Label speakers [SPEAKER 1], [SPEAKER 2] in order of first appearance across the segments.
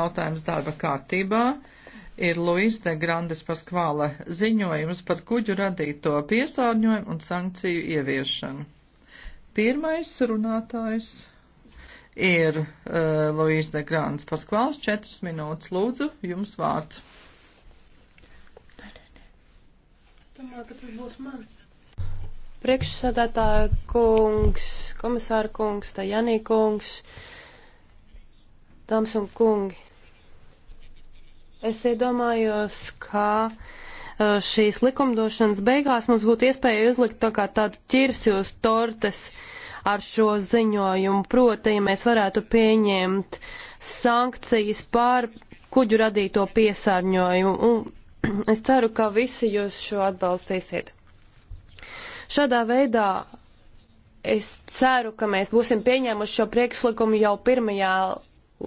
[SPEAKER 1] jautājums darba kārtībā ir Luis de Grandes Paskvāla ziņojums par kuģu radīto piesārņojumu un sankciju ieviešanu. Pirmais runātājs ir uh, Luis de Grandes Paskvāls. Četras minūtes lūdzu, jums vārds.
[SPEAKER 2] Priekšsēdētāja kungs, komisāra kungs, Tajani kungs. Uh, Dāmas un kungi, es iedomājos, ka šīs likumdošanas beigās mums būtu iespēja uzlikt tā kā tādu ķirsi uz tortes ar šo ziņojumu. Proti, ja mēs varētu pieņemt sankcijas pār kuģu radīto piesārņojumu. Un es ceru, ka visi jūs šo atbalstīsiet. Šādā veidā es ceru, ka mēs būsim pieņēmuši šo priekšlikumu jau pirmajā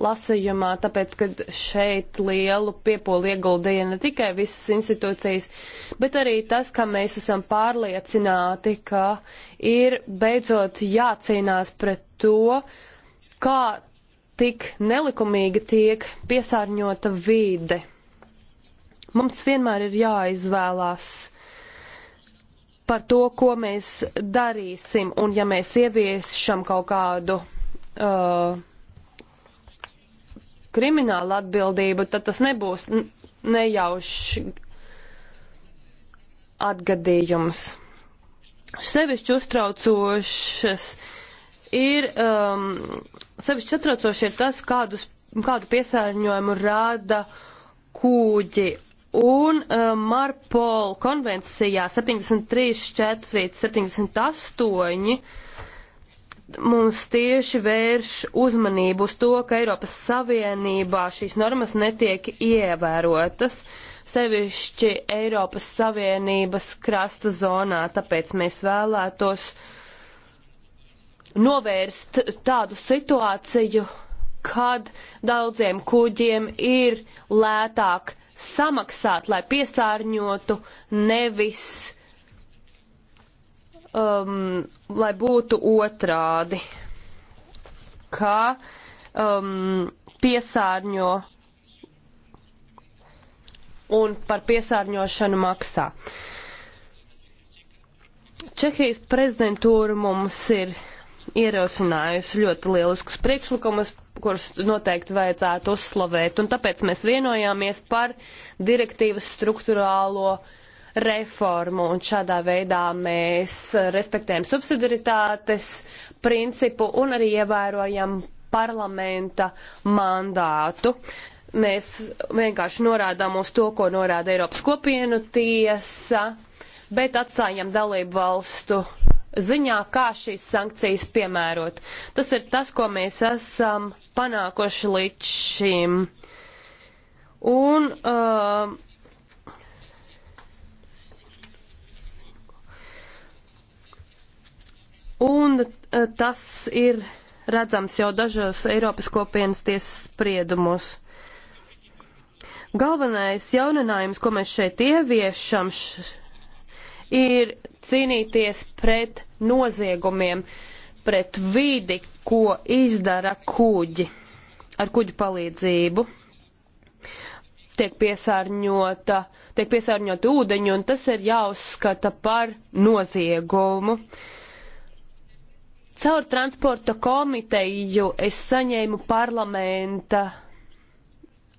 [SPEAKER 2] lasījumā, tāpēc, ka šeit lielu piepolu ieguldīja ne tikai visas institūcijas, bet arī tas, ka mēs esam pārliecināti, ka ir beidzot jācīnās pret to, kā tik nelikumīgi tiek piesārņota vīde. Mums vienmēr ir jāizvēlās par to, ko mēs darīsim, un ja mēs ieviešam kaut kādu uh, krimināla atbildība, tad tas nebūs nejauši atgadījums. Sevišķi uztraucošas ir, um, sevišķi satraucoši ir tas, kādus, kādu piesārņojumu rāda kūģi. Un um, Marpol konvencijā 73.4.78 mums tieši vērš uzmanību uz to, ka Eiropas Savienībā šīs normas netiek ievērotas, sevišķi Eiropas Savienības krasta zonā, tāpēc mēs vēlētos novērst tādu situāciju, kad daudziem kuģiem ir lētāk samaksāt, lai piesārņotu, nevis um, lai būtu otrādi, kā um, piesārņo un par piesārņošanu maksā. Čehijas prezidentūra mums ir ierosinājusi ļoti lieliskus priekšlikumus, kurus noteikti vajadzētu uzslavēt, un tāpēc mēs vienojāmies par direktīvas struktūrālo uh, reformu, un šādā veidā mēs respektējam subsidiaritātes principu un arī ievērojam parlamenta mandātu. Mēs vienkārši norādām uz to, ko norāda Eiropas kopienu tiesa, bet atstājam dalību valstu ziņā, kā šīs sankcijas piemērot. Tas ir tas, ko mēs esam panākoši līdz šim. Un uh, Un eh, tas ir redzams jau dažos Eiropas kopienas tiesas spriedumos. Galvenais jauninājums, ko mēs šeit ieviešam, ir cīnīties pret noziegumiem, pret vidi, ko izdara kuģi ar kuģu palīdzību. Tiek piesārņota, tiek piesārņota ūdeņi, un tas ir jāuzskata par noziegumu. Uh, Caur transporta komiteju es saņēmu parlamenta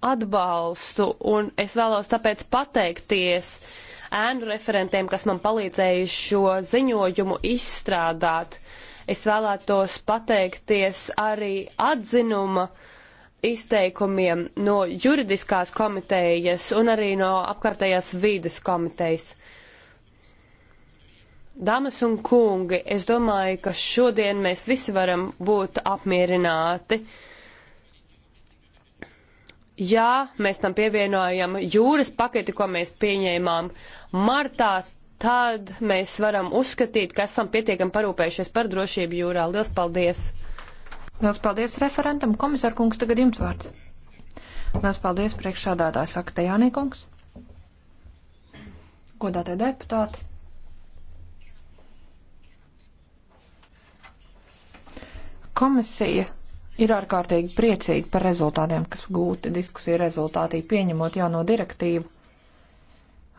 [SPEAKER 2] atbalstu, un es vēlos tāpēc pateikties ēnu referentiem, kas man palīdzēja šo ziņojumu izstrādāt. Es vēlētos pateikties arī atzinuma izteikumiem no juridiskās komitejas un arī no apkārtējās vīdes komitejas. Dāmas un kungi, es domāju, ka šodien mēs visi varam būt apmierināti. Jā, mēs tam pievienojam jūras paketi, ko mēs pieņēmām martā, tad mēs varam uzskatīt, ka esam pietiekami parūpējušies par drošību jūrā. Lielas
[SPEAKER 1] paldies! Lielas paldies referentam! Komisār kungs, tagad jums vārds. Lielas paldies priekšādātājs Akta Jānīkungs. Godātie deputāti! Komisija ir ārkārtīgi priecīga par rezultātiem, kas gūti diskusiju rezultātī, pieņemot jauno direktīvu,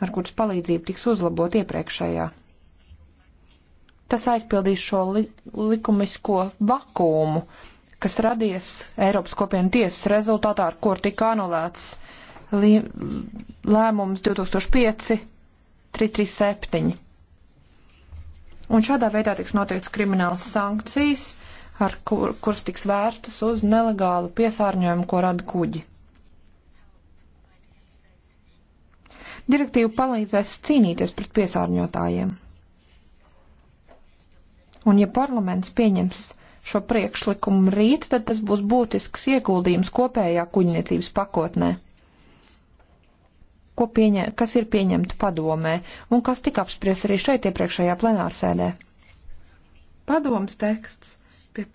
[SPEAKER 1] ar kuras palīdzību tiks uzlabot iepriekšējā. Tas aizpildīs šo li likumisko vakumu, kas radies Eiropas kopienu tiesas rezultātā, ar kur tika anulēts lēmums 2005-337. Un šādā veidā tiks noteikts krimināls sankcijas ar kur, kuras tiks vērstas uz nelegālu piesārņojumu, ko rada kuģi. Direktīva palīdzēs cīnīties pret piesārņotājiem. Un ja parlaments pieņems šo priekšlikumu rīt, tad tas būs būtisks ieguldījums kopējā kuģniecības pakotnē, ko pieņē, kas ir pieņemta padomē un kas tika apspriests arī šeit iepriekšējā plenārsēdē. Padoms teksts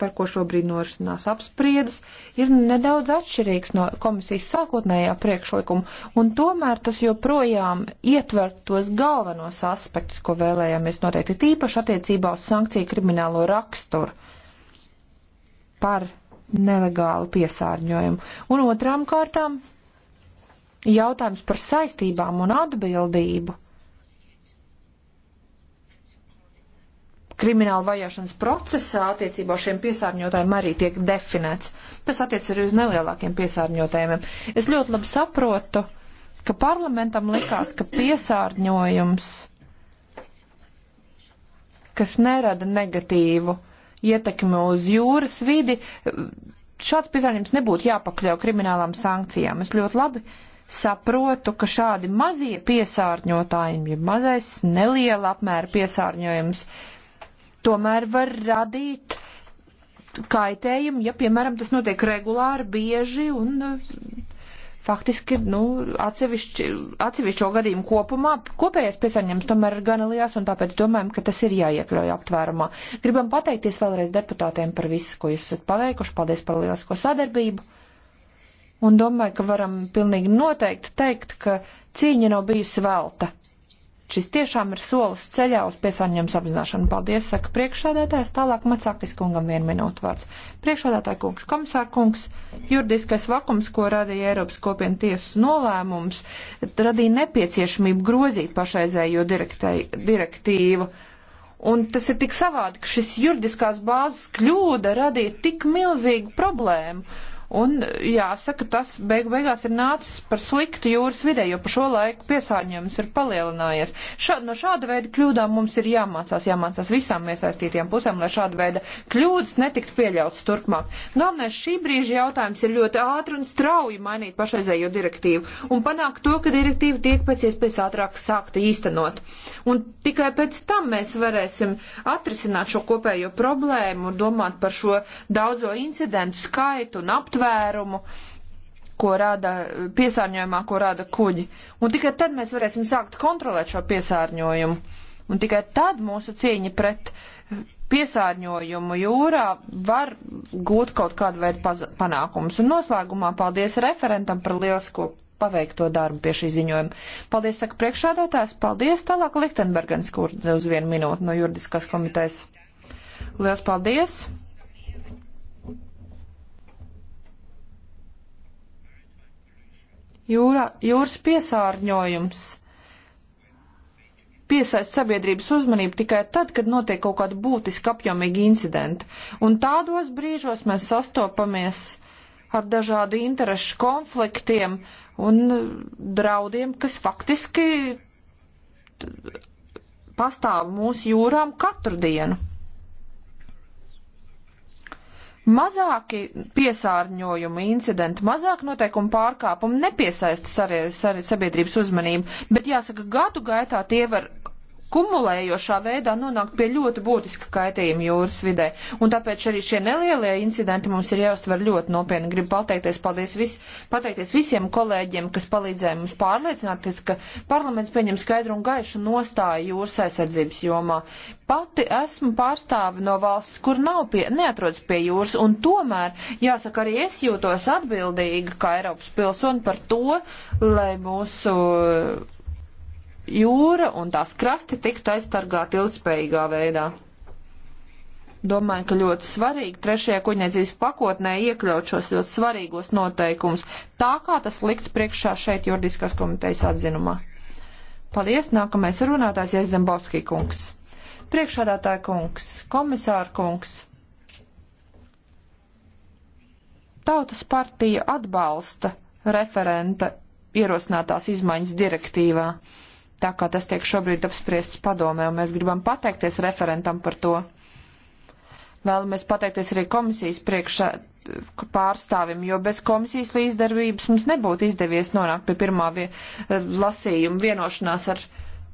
[SPEAKER 1] par ko šobrīd norisinās apspriedas, ir nedaudz atšķirīgs no komisijas sākotnējā priekšlikuma, un tomēr tas joprojām ietver tos galvenos aspektus, ko vēlējāmies noteikti tīpaši attiecībā uz sankciju kriminālo raksturu par nelegālu piesārņojumu. Un otrām kārtām jautājums par saistībām un atbildību krimināla vajāšanas procesā attiecībā šiem piesārņotājiem arī tiek definēts. Tas attiec arī uz nelielākiem piesārņotājiem. Es ļoti labi saprotu, ka parlamentam likās, ka piesārņojums, kas nerada negatīvu ietekmi uz jūras vidi, šāds piesārņojums nebūtu jāpakļau kriminālām sankcijām. Es ļoti labi saprotu, ka šādi mazie piesārņotājiem, ja mazais neliela apmēra piesārņojums, uh, tomēr var radīt kaitējumu, ja, piemēram, tas notiek regulāri, bieži un eh, faktiski, nu, atsevišķi, atsevišķo gadījumu kopumā kopējais piesārņojums tomēr ir gana liels, un tāpēc domājam, ka tas ir jāiekļauj aptvērumā. Gribam pateikties vēlreiz deputātiem par visu, ko jūs esat paveikuši. Paldies par lielisko sadarbību. Un domāju, ka varam pilnīgi noteikti teikt, ka cīņa nav bijusi velta. Šis tiešām ir solis ceļā uz piesārņojums apzināšanu. Paldies, saka priekšsādātājs. Tālāk Macākis kungam vienu minūtu vārds. Priekšsādātāja kungs, komisāra kungs, juridiskais vakums, ko radīja Eiropas kopienu tiesas nolēmums, radīja nepieciešamību grozīt pašreizējo direktīvu. Un tas ir tik savādi, ka šis juridiskās bāzes kļūda radīja tik milzīgu problēmu Un jāsaka, tas beig beigās ir nācis par sliktu jūras vidē, jo pa šo laiku piesārņojums ir palielinājies. Šā, no šāda veida kļūdām mums ir jāmācās, jāmācās visām iesaistītiem pusēm, lai šāda veida kļūdas netiktu pieļauts turpmāk. Galvenais šī brīža jautājums ir ļoti ātri un strauji mainīt pašreizējo direktīvu un panākt to, ka direktīva tiek pēc iespējas ātrāk sākta īstenot. Un tikai pēc tam mēs varēsim atrisināt šo kopējo problēmu un domāt par šo daudzo incidentu skaitu un aptvērumu aptvērumu ko rada piesārņojumā, ko rada kuģi. Un tikai tad mēs varēsim sākt kontrolēt šo piesārņojumu. Un tikai tad mūsu cīņa pret piesārņojumu jūrā var gūt kaut kādu veidu panākumus. Un noslēgumā paldies referentam par lielisko paveikto darbu pie šī ziņojuma. Paldies, saka priekšādātājs, paldies tālāk Lichtenbergens kurdze uz vienu minūtu no juridiskās komitejas. Lielas paldies! Jūra, jūras piesārņojums piesaist sabiedrības uzmanību tikai tad, kad notiek kaut kāda būtiska apjomīga incidenta. Un tādos brīžos mēs sastopamies ar dažādu interešu konfliktiem un draudiem, kas faktiski pastāv mūsu jūrām katru dienu mazāki piesārņojumi, incidenti, mazāk noteikumu pārkāpumi nepiesaista sabiedrības uzmanību, bet jāsaka, gadu gaitā tie var kumulējošā veidā nonākt pie ļoti būtiska kaitījuma jūras vidē. Un tāpēc arī šie nelielie incidenti mums ir jāuztver ļoti nopietni. Gribu pateikties, paldies vis, pateikties visiem kolēģiem, kas palīdzēja mums pārliecināties, ka parlaments pieņem skaidru un gaišu nostāju jūras aizsardzības jomā. Pati esmu pārstāve no valsts, kur nav pie, neatrodas pie jūras, un tomēr, jāsaka, arī es jūtos atbildīga kā Eiropas pilsoni par to, lai mūsu jūra un tās krasti tiktu aizstargāti ilgspējīgā veidā. Domāju, ka ļoti svarīgi trešajā kuģniecības pakotnē iekļaut šos ļoti svarīgos noteikumus, tā kā tas likts priekšā šeit juridiskās komitejas atzinumā. Paldies, nākamais runātājs Jezembovski kungs. Priekšādātāja kungs, komisāra kungs. Tautas partija atbalsta referenta ierosinātās izmaiņas direktīvā tā kā tas tiek šobrīd apspriests padomē, un mēs gribam pateikties referentam par to. Vēlamies pateikties arī komisijas priekšā pārstāvim, jo bez komisijas līdzdarbības mums nebūtu izdevies nonākt pie pirmā vie, eh, lasījuma vienošanās ar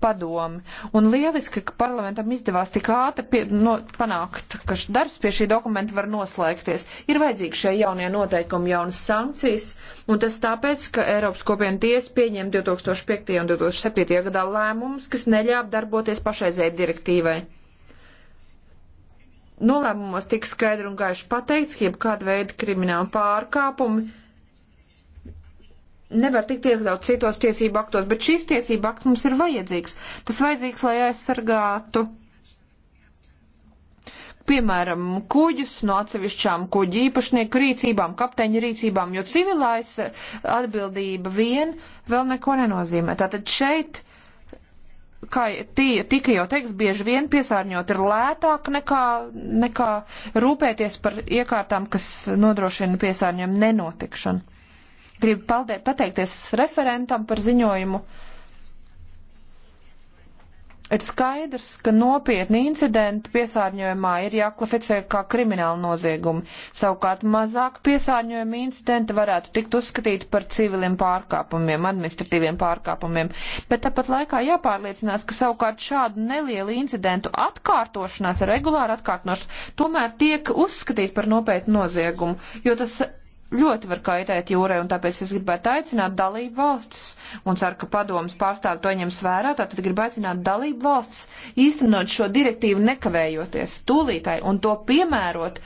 [SPEAKER 1] padomi. Un lieliski, ka parlamentam izdevās tik ātri pie, no, panākt, ka darbs pie šī dokumenta var noslēgties. Ir vajadzīgi šie jaunie noteikumi, jaunas sankcijas, un tas tāpēc, ka Eiropas kopiena tiesa pieņēma 2005. un 2007. gadā lēmumus, kas neļāva darboties pašreizējai direktīvai. Nolēmumos tika skaidri un gaiši pateikts, ka jebkāda veida krimināla pārkāpumi nevar tikt iekļauts citos tiesību aktos, bet šis tiesību akts mums ir vajadzīgs. Tas vajadzīgs, lai aizsargātu, piemēram, kuģus no atsevišķām kuģi īpašnieku rīcībām, kapteiņa rīcībām, jo civilais atbildība vien vēl neko nenozīmē. Tātad šeit kā tie, tika jau teiks, bieži vien piesārņot ir lētāk nekā, nekā rūpēties par iekārtām, kas nodrošina piesārņojumu nenotikšanu. Gribu paldēt, pateikties referentam par ziņojumu. Ir skaidrs, ka nopietni incidenti piesārņojumā ir jāklaficē kā krimināli noziegumi. Savukārt mazāk piesārņojumi incidenti varētu tikt uzskatīti par civiliem pārkāpumiem, administratīviem pārkāpumiem. Bet tāpat laikā jāpārliecinās, ka savukārt šādu nelielu incidentu atkārtošanās, regulāri atkārtošanās, tomēr tiek uzskatīti par nopietnu noziegumu, jo tas ļoti var kaitēt jūrai, un tāpēc es gribētu aicināt dalību valstis, un ceru, ka padomas pārstāvi to ņems vērā, tātad gribu aicināt dalību valstis īstenot šo direktīvu nekavējoties tūlītai un to piemērot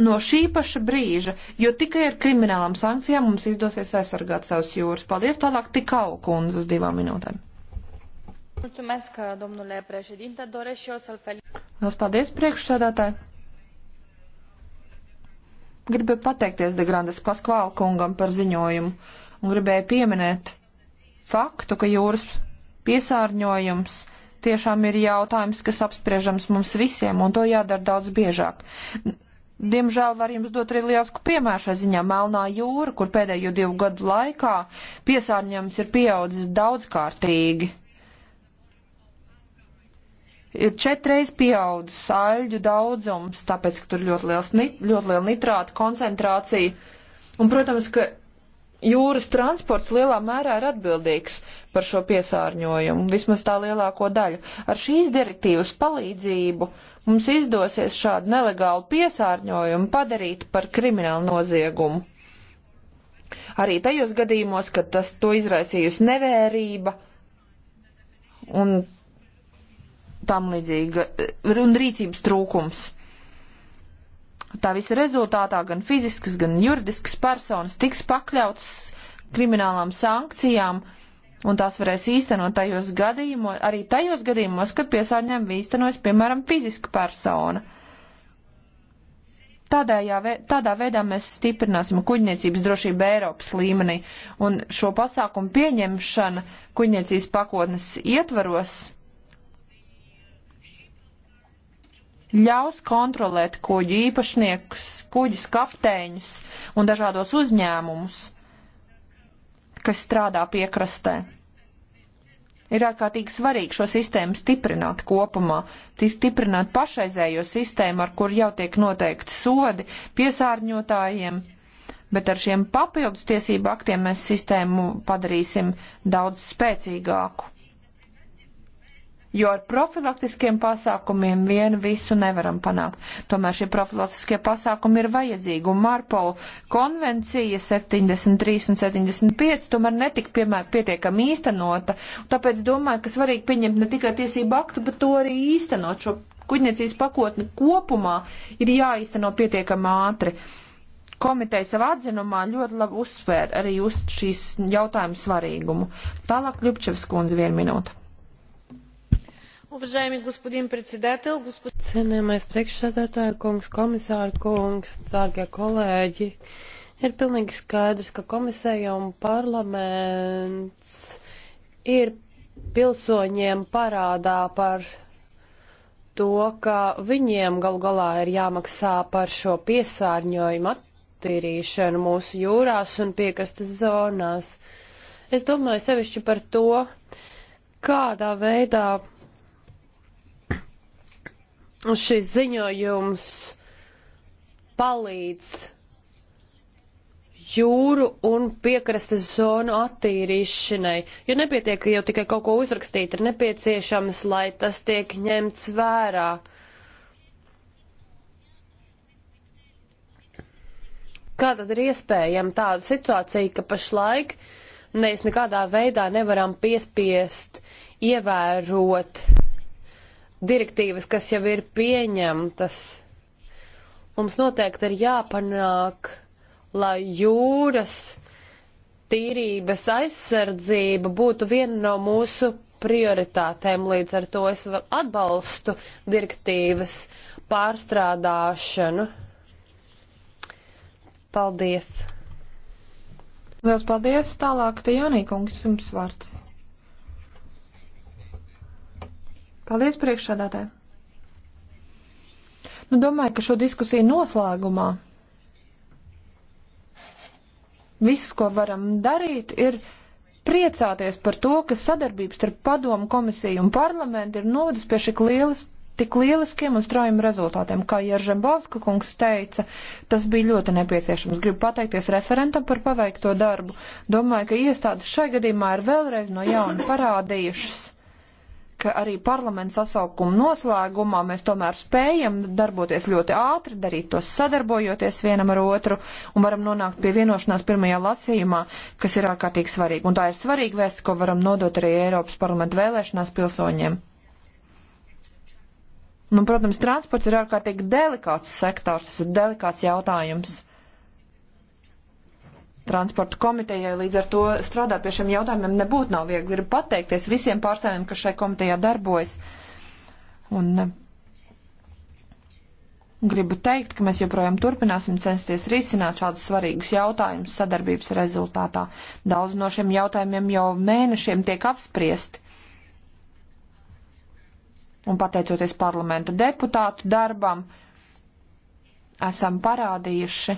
[SPEAKER 1] no šī paša brīža, jo tikai ar kriminālām sankcijām mums izdosies aizsargāt savas jūras. Paldies tālāk tikau kundze uz divām minūtēm.
[SPEAKER 2] Mulțumesc, domnule președinte, doresc și eu să-l felicit.
[SPEAKER 1] Paldies, priekšsēdētāji! Gribēju pateikties Degrandes Paskvāla kungam par ziņojumu un gribēju pieminēt faktu, ka jūras piesārņojums tiešām ir jautājums, kas apspriežams mums visiem, un to jādara daudz biežāk. Diemžēl var jums dot arī lielu piemēru šai ziņā Melnā jūra, kur pēdējo divu gadu laikā piesārņojums ir pieaudzis daudzkārtīgi ir četreiz pieaudzis sāļu daudzums, tāpēc, ka tur ļoti, liels, ļoti liela nitrāta koncentrācija. Un, protams, ka jūras transports lielā mērā ir atbildīgs par šo piesārņojumu, vismaz tā lielāko daļu. Ar šīs direktīvas palīdzību mums izdosies šādu nelegālu piesārņojumu padarīt par kriminālu noziegumu. Arī tajos gadījumos, kad tas to izraisījusi nevērība un tam līdzīga eh, un rīcības trūkums. Tā visa rezultātā gan fiziskas, gan juridiskas personas tiks pakļautas kriminālām sankcijām, un tās varēs īstenot tajos gadījumos, arī tajos gadījumos, kad piesārņēmumu īstenojas, piemēram, fiziska persona. Tādējā, tādā veidā mēs stiprināsim kuģniecības drošību Eiropas līmenī, un šo pasākumu pieņemšana kuģniecības pakotnes ietvaros ļaus kontrolēt kuģu īpašniekus, kuģus kapteiņus un dažādos uzņēmumus, kas strādā piekrastē. Ir ārkārtīgi svarīgi šo sistēmu stiprināt kopumā, stiprināt pašreizējo sistēmu, ar kur jau tiek noteikti sodi piesārņotājiem, bet ar šiem papildus tiesību aktiem mēs sistēmu padarīsim daudz spēcīgāku Jo ar profilaktiskiem pasākumiem vien visu nevaram panākt. Tomēr šie profilaktiskie pasākumi ir vajadzīgi, un Marpola konvencija 73 un 75 tomēr netika piemēr pietiekami īstenota. Tāpēc domāju, ka svarīgi pieņemt ne tikai tiesību aktu, bet to arī īstenot. Šo kuģniecības pakotni kopumā ir jāīsteno pietiekami ātri. Komiteja savā atzinumā ļoti labi uzsvēra arī uz šīs jautājumu svarīgumu. Tālāk Ļupčevs kundze vienu minūtu.
[SPEAKER 2] Уважаеми господин председател, господин... Cienījamais priekšsēdētāja kungs, komisāra kungs, dārgie kolēģi, ir pilnīgi skaidrs, ka komisija un parlaments ir pilsoņiem parādā par to, ka viņiem gal galā ir jāmaksā par šo piesārņojumu attīrīšanu mūsu jūrās un piekrastes zonās. Es domāju sevišķi par to, kādā veidā šis ziņojums palīdz jūru un piekrastes zonu attīrīšanai, jo nepietiek jau tikai kaut ko uzrakstīt, ir nepieciešams, lai tas tiek ņemts vērā. Kā tad ir iespējama tāda situācija, ka pašlaik mēs nekādā veidā nevaram piespiest ievērot direktīvas, kas jau ir pieņemtas. Mums noteikti ir jāpanāk, lai jūras tīrības aizsardzība būtu viena no mūsu prioritātēm. Līdz ar to es atbalstu direktīvas pārstrādāšanu.
[SPEAKER 1] Paldies! Lielas paldies! Tālāk, Tajānī kungs, jums vārds. Paldies priekšsādātāji. Nu, domāju, ka šo diskusiju noslēgumā viss, ko varam darīt, ir priecāties par to, ka sadarbības starp padomu komisiju un parlamentu ir novedus pie šik lielas, tik lieliskiem un straujiem rezultātiem. Kā Jeržembovska kungs teica, tas bija ļoti nepieciešams. Gribu pateikties referentam par paveikto darbu. Domāju, ka iestādes šai gadījumā ir vēlreiz no jauna parādījušas ka arī parlamenta sasaukuma noslēgumā mēs tomēr spējam darboties ļoti ātri, darīt to sadarbojoties vienam ar otru un varam nonākt pie vienošanās pirmajā lasījumā, kas ir ārkārtīgi svarīgi. Un tā ir svarīga vēsts, ko varam nodot arī Eiropas parlamenta vēlēšanās pilsoņiem. Nu, protams, transports ir ārkārtīgi delikāts sektors, tas ir delikāts jautājums transporta komitejai, līdz ar to strādāt pie šiem jautājumiem nebūtu nav viegli. Gribu pateikties visiem pārstāvjiem, kas šai komitejā darbojas. Un eh, gribu teikt, ka mēs joprojām turpināsim censties risināt šādus svarīgus jautājumus sadarbības rezultātā. Daudz no šiem jautājumiem jau mēnešiem tiek apspriesti. Un pateicoties parlamenta deputātu darbam, esam parādījuši,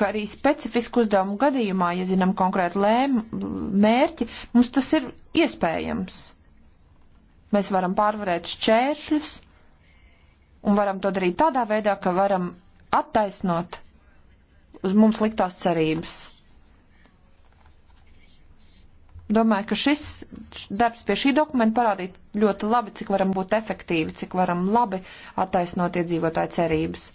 [SPEAKER 1] ka arī specifisku uzdevumu gadījumā, ja zinām konkrētu lēm, mērķi, mums tas ir iespējams. Mēs varam pārvarēt šķēršļus un varam to darīt tādā veidā, ka varam attaisnot uz mums liktās cerības. Domāju, ka šis darbs pie šī dokumenta parādīt ļoti labi, cik varam būt efektīvi, cik varam labi attaisnot iedzīvotāju cerības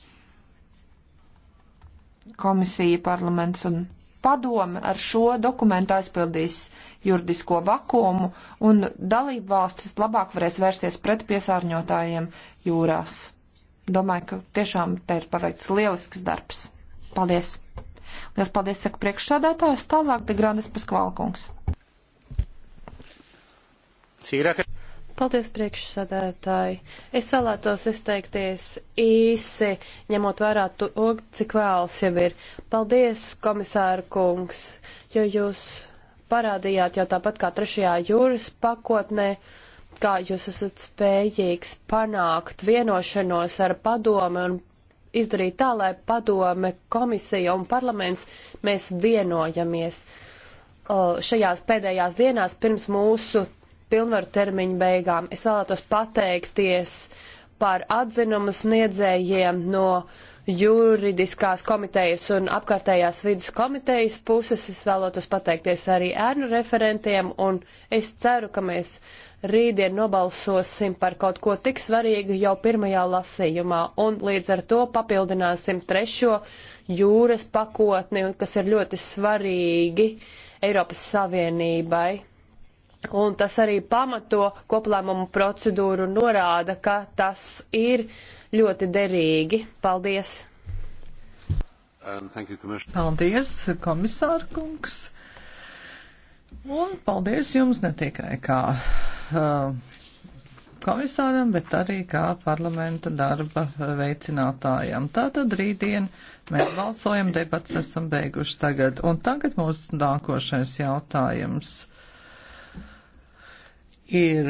[SPEAKER 1] komisija, parlaments un padome ar šo dokumentu aizpildīs juridisko vakumu un dalību valstis labāk varēs vērsties pret piesārņotājiem jūrās. Domāju, ka tiešām te ir paveikts lielisks darbs. Paldies! Lielas paldies, saka priekšsādātājs, tālāk Degrandes Paskvalkungs.
[SPEAKER 2] Cīrāk. Paldies, priekšsādētāji. Es vēlētos izteikties īsi, ņemot vērā to, cik vēls jau ir. Paldies, komisāra kungs, jo jūs parādījāt jau tāpat kā trešajā jūras pakotnē, kā jūs esat spējīgs panākt vienošanos ar padomi un izdarīt tā, lai padome, komisija un parlaments mēs vienojamies šajās pēdējās dienās pirms mūsu pilnvaru termiņu beigām. Es vēlētos pateikties par atzinumu sniedzējiem no juridiskās komitejas un apkārtējās vidas komitejas puses. Es vēlētos pateikties arī ērnu referentiem un es ceru, ka mēs rītdien nobalsosim par kaut ko tik svarīgu jau pirmajā lasījumā un līdz ar to papildināsim trešo jūras pakotni, kas ir ļoti svarīgi Eiropas Savienībai Un tas arī pamato koplēmumu procedūru un norāda, ka tas ir ļoti derīgi. Paldies! Um, you,
[SPEAKER 1] paldies, komisārkungs! Un paldies jums ne tikai kā uh, komisāram, bet arī kā parlamenta darba veicinātājam. Tātad rītdien mēs balsojam, debats esam beiguši tagad. Un tagad mūsu nākošais jautājums ir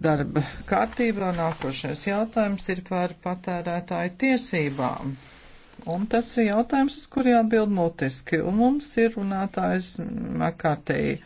[SPEAKER 1] darba kārtībā. Nākošais jautājums ir par patērētāju tiesībām. Un tas ir jautājums, uz kuru jāatbild mutiski. Un mums ir runātājs makārtēji.